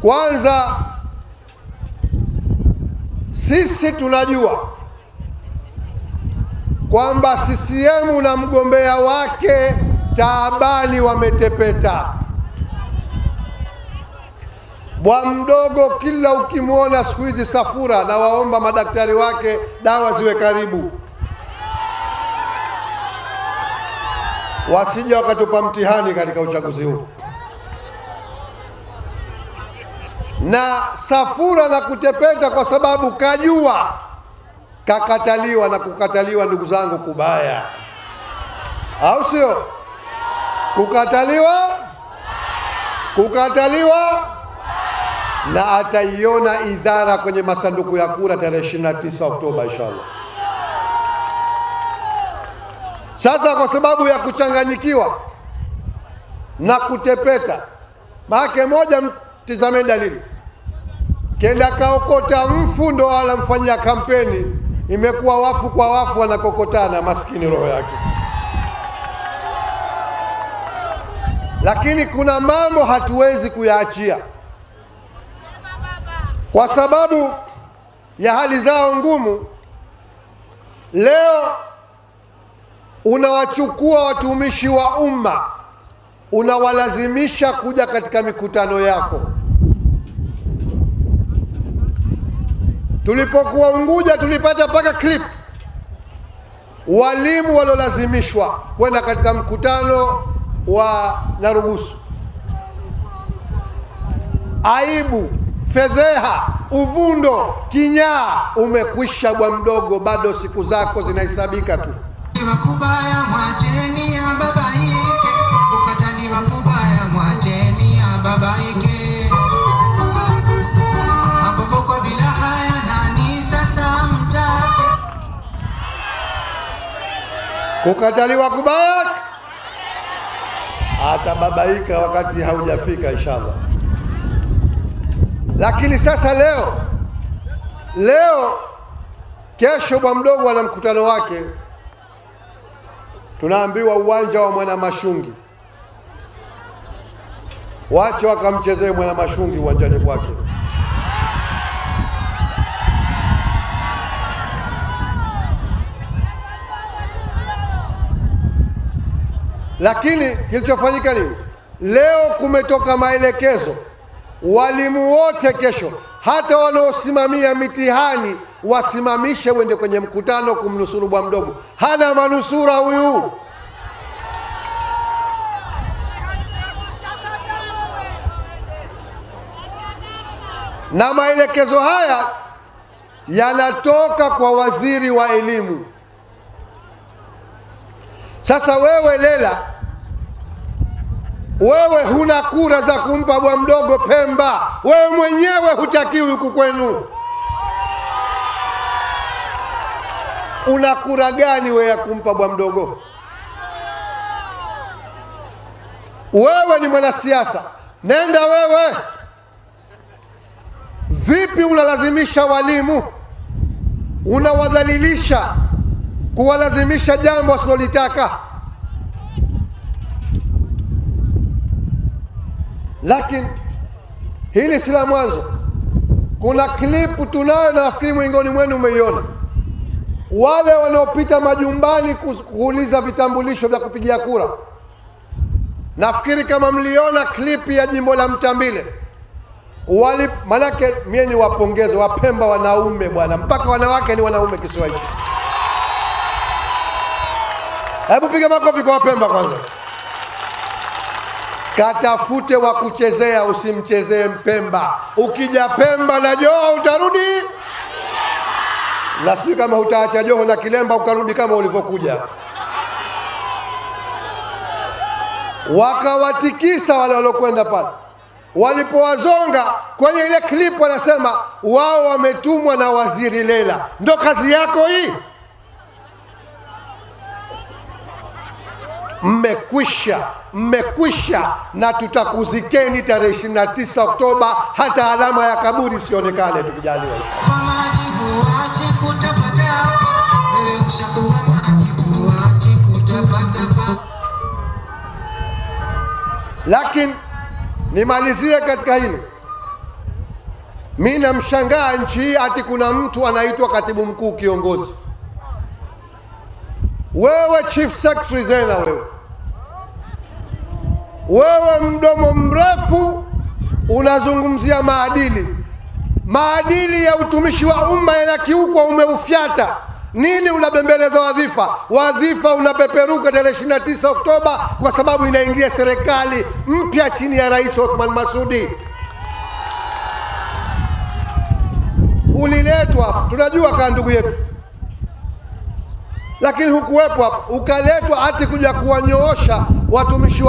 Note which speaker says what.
Speaker 1: Kwanza sisi tunajua kwamba CCM na mgombea wake taabani wametepeta. Bwa mdogo kila ukimwona siku hizi safura, na waomba madaktari wake dawa ziwe karibu, wasija wakatupa mtihani katika uchaguzi huu. na safura na kutepeta, kwa sababu kajua kakataliwa. Na kukataliwa, ndugu zangu, kubaya, au sio? Kukataliwa, kukataliwa, na ataiona idhara kwenye masanduku ya kura tarehe 29 Oktoba, inshallah. Sasa kwa sababu ya kuchanganyikiwa na kutepeta, maake moja, mtizameni dalili kenda kaokota mfu ndo wala kampeni, imekuwa wafu kwa wafu wanakokotana, maskini roho yake. Lakini kuna mambo hatuwezi kuyaachia kwa sababu ya hali zao ngumu. Leo unawachukua watumishi wa umma unawalazimisha kuja katika mikutano yako Tulipokuwa Unguja tulipata mpaka clip walimu waliolazimishwa kwenda katika mkutano wa Narugusu. Aibu, fedheha, uvundo, kinyaa umekwisha bwa mdogo, bado siku zako zinahesabika tu. Kukataliwa kubaya atababaika wakati haujafika inshallah. Lakini sasa leo leo, kesho bwa mdogo ana mkutano wake, tunaambiwa uwanja wa Mwanamashungi, wacha wakamchezee mashungi uwanjani kwake. Lakini kilichofanyika nini? Leo kumetoka maelekezo, walimu wote kesho, hata wanaosimamia mitihani wasimamishe, wende kwenye mkutano kumnusuru bwa mdogo. Hana manusura huyu. Na maelekezo haya yanatoka kwa waziri wa elimu. Sasa wewe Lela, wewe huna kura za kumpa bwa mdogo Pemba, wewe mwenyewe hutakiwi huku kwenu. Una kura gani wewe ya kumpa bwa mdogo? Wewe ni mwanasiasa, nenda wewe. Vipi unalazimisha walimu, unawadhalilisha kuwalazimisha jambo wasilolitaka. Lakini hili si la mwanzo. Kuna klipu tunayo, na nafikiri mwingoni mwenu umeiona, wale wanaopita majumbani kuuliza vitambulisho vya kupigia kura. Nafikiri kama mliona klipu ya jimbo la Mtambile wali, manake mie ni wapongeze Wapemba wanaume bwana, mpaka wanawake ni wanaume kisiwa hicho. Hebu piga makofi kwa Wapemba kwanza. Katafute wa kuchezea, usimchezee Mpemba. Ukija Pemba na Joho utarudi, na sijui kama utaacha Joho na Kilemba ukarudi kama ulivyokuja. Wakawatikisa wale waliokwenda pale, walipowazonga kwenye ile clip, wanasema wao wametumwa na waziri Lela. Ndo kazi yako hii? mmekwisha, mmekwisha, na tutakuzikeni tarehe 29 Oktoba, hata alama ya kaburi isionekane, tukijaliwa. Lakini nimalizie katika hili, mi namshangaa nchi hii, ati kuna mtu anaitwa katibu mkuu kiongozi wewe chief secretary Zena, wewe wewe mdomo mrefu unazungumzia maadili, maadili ya utumishi wa umma yanakiukwa, umeufyata nini? Unabembeleza wadhifa, wadhifa unapeperuka tarehe 29 Oktoba kwa sababu inaingia serikali mpya chini ya Rais Othman Masudi. Uliletwa tunajua kaa ndugu yetu lakini hukuwepo hapo, ukaletwa hati kuja kuwanyoosha watumishi wa